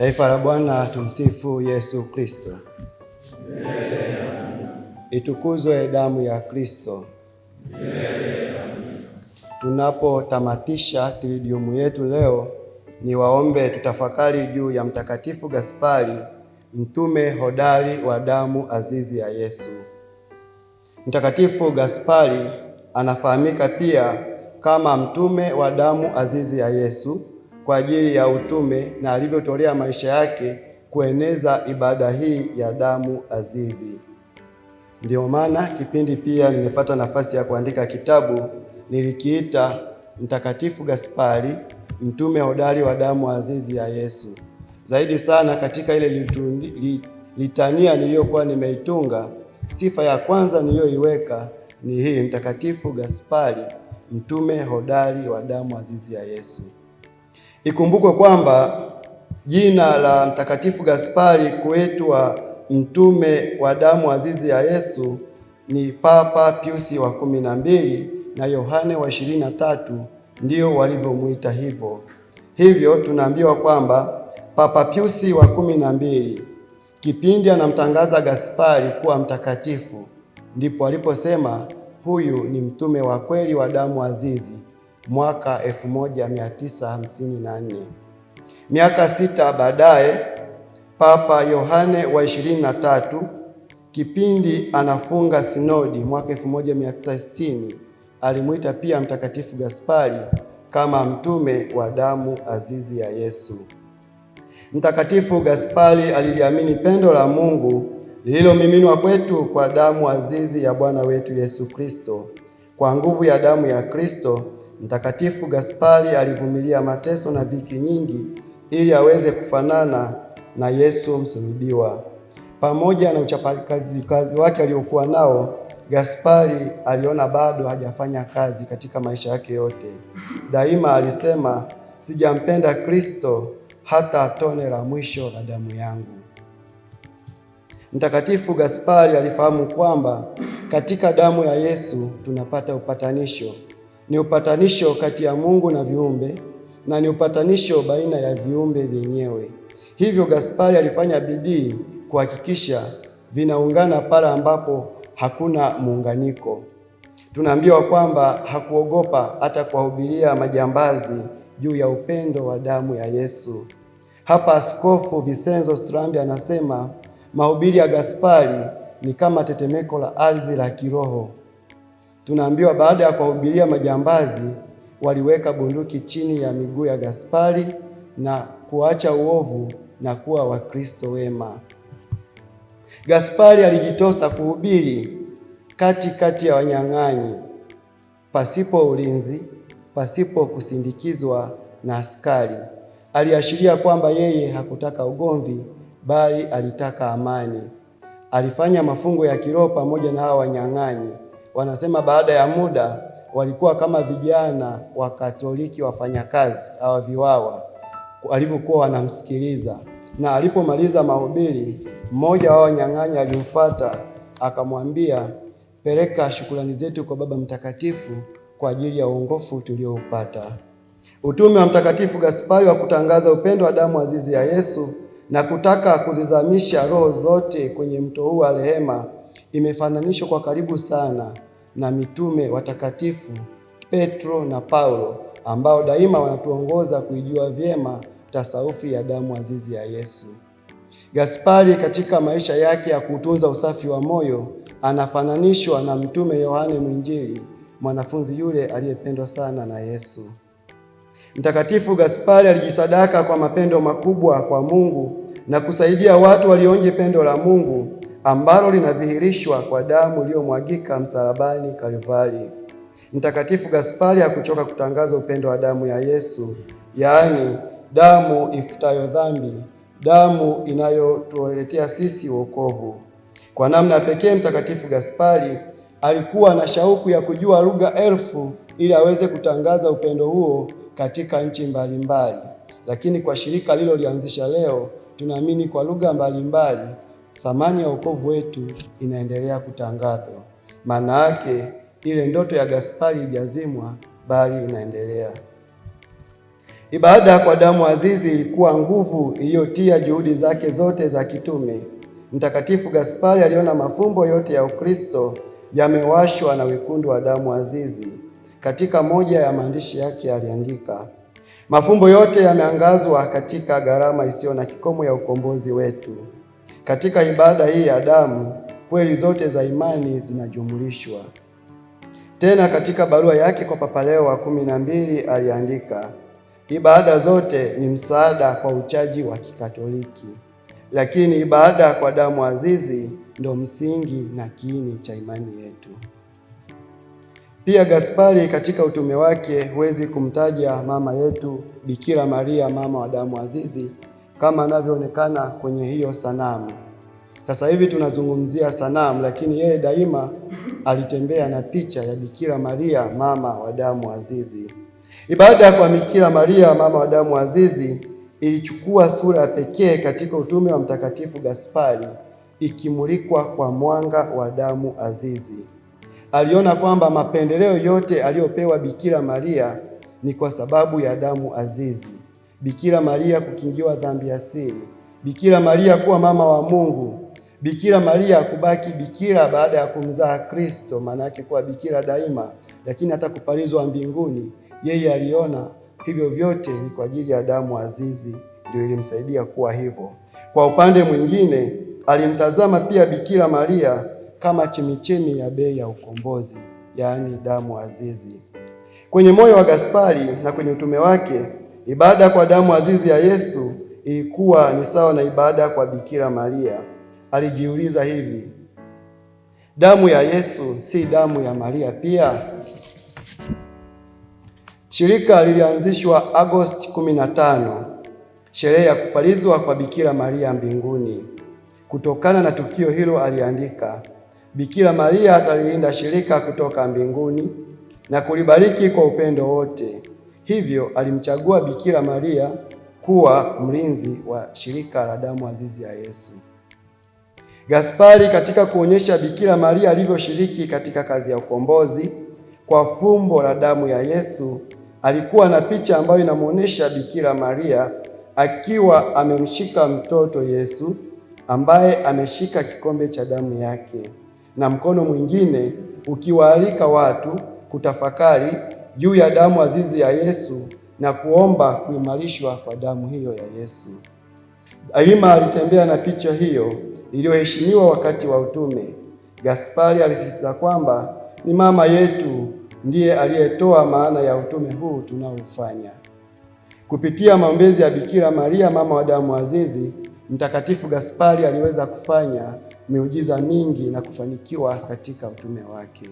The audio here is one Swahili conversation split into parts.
Taifa la Bwana, tumsifu Yesu Kristo. Itukuzwe damu ya Kristo. Tunapotamatisha tridiumu yetu leo, ni waombe tutafakari juu ya Mtakatifu Gaspari, mtume hodari wa damu azizi ya Yesu. Mtakatifu Gaspari anafahamika pia kama mtume wa damu azizi ya Yesu kwa ajili ya utume na alivyotolea maisha yake kueneza ibada hii ya damu azizi. Ndiyo maana kipindi pia nimepata nafasi ya kuandika kitabu, nilikiita Mtakatifu Gaspari, mtume hodari wa damu azizi ya Yesu. Zaidi sana katika ile litania niliyokuwa nimeitunga, sifa ya kwanza niliyoiweka ni hii: Mtakatifu Gaspari, mtume hodari wa damu azizi ya Yesu. Ikumbukwe kwamba jina la Mtakatifu Gaspari kuitwa mtume wa damu azizi ya Yesu ni Papa Piusi wa kumi na mbili na Yohane wa ishirini na tatu ndio walivyomwita hivyo. Hivyo tunaambiwa kwamba Papa Piusi wa kumi na mbili kipindi anamtangaza Gaspari kuwa mtakatifu ndipo aliposema huyu ni mtume wa kweli wa damu azizi mwaka 1954. Miaka sita baadaye, Papa Yohane wa 23 kipindi anafunga sinodi mwaka 1960 alimwita pia Mtakatifu Gaspari kama mtume wa damu azizi ya Yesu. Mtakatifu Gaspari aliliamini pendo la Mungu lililomiminwa kwetu kwa damu azizi ya Bwana wetu Yesu Kristo. Kwa nguvu ya damu ya Kristo Mtakatifu Gaspari alivumilia mateso na dhiki nyingi ili aweze kufanana na Yesu msulubiwa. Pamoja na uchapakazi wake aliokuwa nao, Gaspari aliona bado hajafanya kazi katika maisha yake yote. Daima alisema, sijampenda Kristo hata tone la mwisho la damu yangu. Mtakatifu Gaspari alifahamu kwamba katika damu ya Yesu tunapata upatanisho ni upatanisho kati ya Mungu na viumbe na ni upatanisho baina ya viumbe vyenyewe. Hivyo Gaspari alifanya bidii kuhakikisha vinaungana pale ambapo hakuna muunganiko. Tunaambiwa kwamba hakuogopa hata kuwahubiria majambazi juu ya upendo wa damu ya Yesu. Hapa Askofu Vincenzo Strambi anasema mahubiri ya Gaspari ni kama tetemeko la ardhi la kiroho. Tunaambiwa baada ya kuwahubiria majambazi, waliweka bunduki chini ya miguu ya Gaspari na kuacha uovu na kuwa Wakristo wema. Gaspari alijitosa kuhubiri kati kati ya wanyang'anyi, pasipo ulinzi, pasipo kusindikizwa na askari. Aliashiria kwamba yeye hakutaka ugomvi, bali alitaka amani. Alifanya mafungo ya kiroho pamoja na hao wanyang'anyi wanasema baada ya muda walikuwa kama vijana wa Katoliki wafanyakazi viwawa walivyokuwa wanamsikiliza. Na alipomaliza mahubiri, mmoja wao nyang'anya alimfuata akamwambia, peleka shukrani zetu kwa Baba Mtakatifu kwa ajili ya uongofu tulioupata. Utume wa Mtakatifu Gaspari wa kutangaza upendo wa damu azizi ya Yesu na kutaka kuzizamisha roho zote kwenye mto huu wa rehema imefananishwa kwa karibu sana na mitume watakatifu Petro na Paulo ambao daima wanatuongoza kuijua vyema tasaufi ya damu azizi ya Yesu. Gaspari katika maisha yake ya kutunza usafi wa moyo anafananishwa na mtume Yohane Mwinjili, mwanafunzi yule aliyependwa sana na Yesu. Mtakatifu Gaspari alijisadaka kwa mapendo makubwa kwa Mungu na kusaidia watu walionje pendo la Mungu ambalo linadhihirishwa kwa damu iliyomwagika msalabani Kalvari. Mtakatifu Gaspari hakuchoka kutangaza upendo wa damu ya Yesu, yaani damu ifutayo dhambi, damu inayotuletea sisi wokovu. Kwa namna pekee, Mtakatifu Gaspari alikuwa na shauku ya kujua lugha elfu ili aweze kutangaza upendo huo katika nchi mbalimbali. Lakini kwa shirika lilolianzisha leo, tunaamini kwa lugha mbalimbali thamani ya wokovu wetu inaendelea kutangazwa. Maana yake ile ndoto ya Gaspari ijazimwa, bali inaendelea. Ibada kwa damu azizi ilikuwa nguvu iliyotia juhudi zake zote za kitume. Mtakatifu Gaspari aliona mafumbo yote ya Ukristo yamewashwa na wekundu wa damu azizi. Katika moja ya maandishi yake aliandika, mafumbo yote yameangazwa katika gharama isiyo na kikomo ya ukombozi wetu. Katika ibada hii ya damu, kweli zote za imani zinajumulishwa. Tena katika barua yake kwa Papa Leo wa kumi na mbili aliandika, ibada zote ni msaada kwa uchaji wa Kikatoliki, lakini ibada kwa damu azizi ndo msingi na kiini cha imani yetu. Pia Gaspari katika utume wake, huwezi kumtaja mama yetu Bikira Maria, mama wa damu azizi kama anavyoonekana kwenye hiyo sanamu. Sasa hivi tunazungumzia sanamu, lakini yeye daima alitembea na picha ya Bikira Maria mama wa damu azizi. Ibada kwa Bikira Maria mama wa damu azizi ilichukua sura ya pekee katika utume wa Mtakatifu Gaspari, ikimulikwa kwa mwanga wa damu azizi. Aliona kwamba mapendeleo yote aliyopewa Bikira Maria ni kwa sababu ya damu azizi. Bikira Maria kukingiwa dhambi ya siri, Bikira Maria kuwa mama wa Mungu, Bikira Maria kubaki bikira baada ya kumzaa Kristo, maana yake kuwa bikira daima, lakini hata kupalizwa mbinguni. Yeye aliona hivyo vyote ni kwa ajili ya damu azizi, ndio ilimsaidia kuwa hivyo. Kwa upande mwingine, alimtazama pia Bikira Maria kama chemichemi ya bei ya ukombozi, yaani damu azizi. Kwenye moyo wa Gaspari na kwenye utume wake Ibada kwa damu azizi ya Yesu ilikuwa ni sawa na ibada kwa Bikira Maria. Alijiuliza hivi, damu ya Yesu si damu ya Maria pia? Shirika lilianzishwa Agosti 15, sherehe ya kupalizwa kwa Bikira Maria mbinguni. Kutokana na tukio hilo, aliandika, Bikira Maria atalilinda shirika kutoka mbinguni na kulibariki kwa upendo wote Hivyo alimchagua Bikira Maria kuwa mlinzi wa shirika la damu azizi ya Yesu. Gaspari katika kuonyesha Bikira Maria alivyoshiriki katika kazi ya ukombozi kwa fumbo la damu ya Yesu, alikuwa na picha ambayo inamuonesha Bikira Maria akiwa amemshika mtoto Yesu ambaye ameshika kikombe cha damu yake na mkono mwingine ukiwaalika watu kutafakari juu ya damu azizi ya Yesu na kuomba kuimarishwa kwa damu hiyo ya Yesu. Daima alitembea na picha hiyo iliyoheshimiwa wakati wa utume. Gaspari alisisitiza kwamba ni mama yetu ndiye aliyetoa maana ya utume huu tunaofanya. Kupitia maombezi ya Bikira Maria, mama wa damu azizi, Mtakatifu Gaspari aliweza kufanya miujiza mingi na kufanikiwa katika utume wake.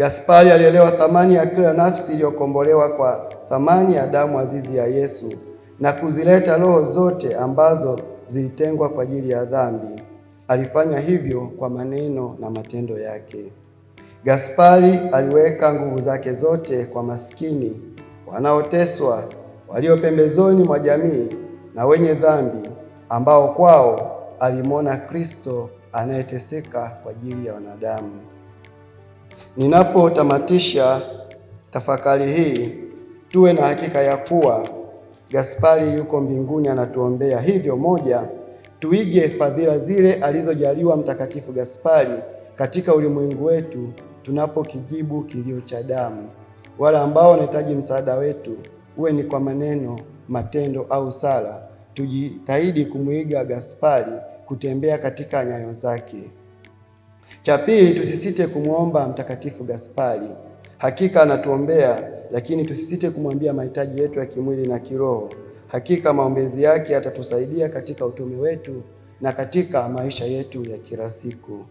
Gaspari alielewa thamani ya kila nafsi iliyokombolewa kwa thamani ya damu azizi ya Yesu na kuzileta roho zote ambazo zilitengwa kwa ajili ya dhambi. Alifanya hivyo kwa maneno na matendo yake. Gaspari aliweka nguvu zake zote kwa maskini, wanaoteswa, walio pembezoni mwa jamii na wenye dhambi, ambao kwao alimwona Kristo anayeteseka kwa ajili ya wanadamu. Ninapotamatisha tafakari hii, tuwe na hakika ya kuwa Gaspari yuko mbinguni anatuombea. Hivyo, moja, tuige fadhila zile alizojaliwa Mtakatifu Gaspari katika ulimwengu wetu tunapokijibu kilio cha damu. Wale ambao wanahitaji msaada wetu, uwe ni kwa maneno, matendo au sala, tujitahidi kumwiga Gaspari, kutembea katika nyayo zake. Cha pili, tusisite kumwomba Mtakatifu Gaspari. Hakika anatuombea, lakini tusisite kumwambia mahitaji yetu ya kimwili na kiroho. Hakika maombezi yake yatatusaidia katika utume wetu na katika maisha yetu ya kila siku.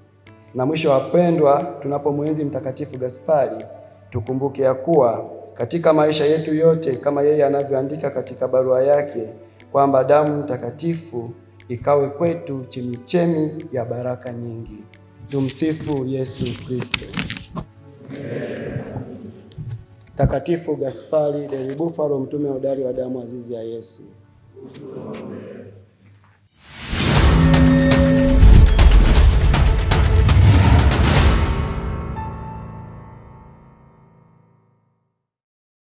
Na mwisho, wapendwa, tunapomwenzi Mtakatifu Gaspari tukumbuke ya kuwa katika maisha yetu yote, kama yeye anavyoandika katika barua yake kwamba damu mtakatifu ikawe kwetu chemichemi ya baraka nyingi. Tumsifu Yesu Kristo. takatifu Gaspari del Bufalo, mtume hodari wa damu azizi ya Yesu.